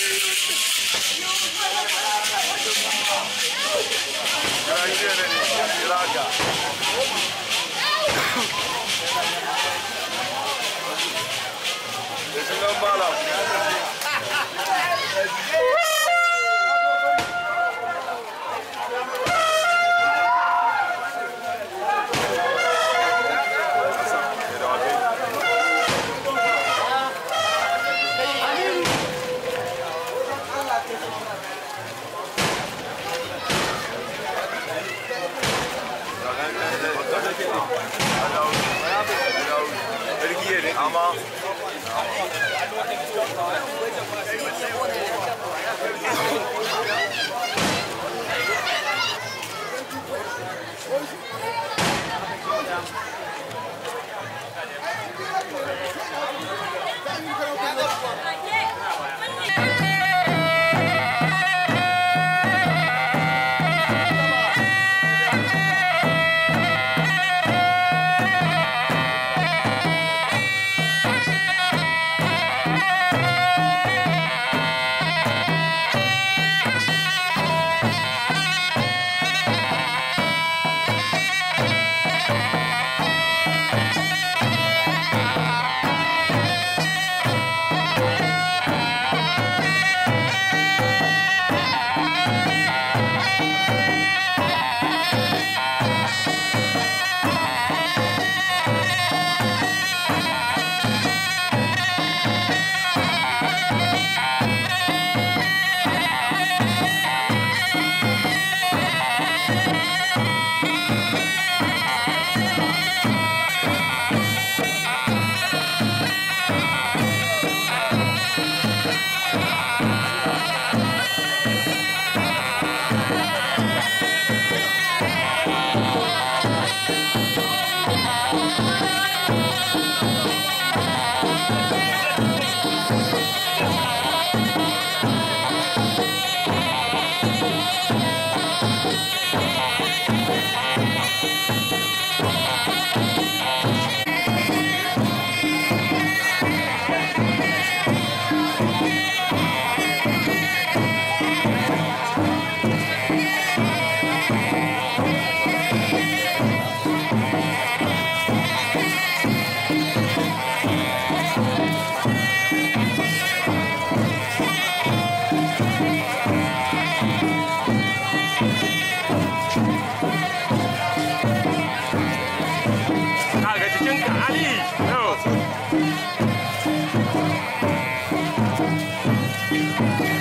Right here, Ilaga. Thank you.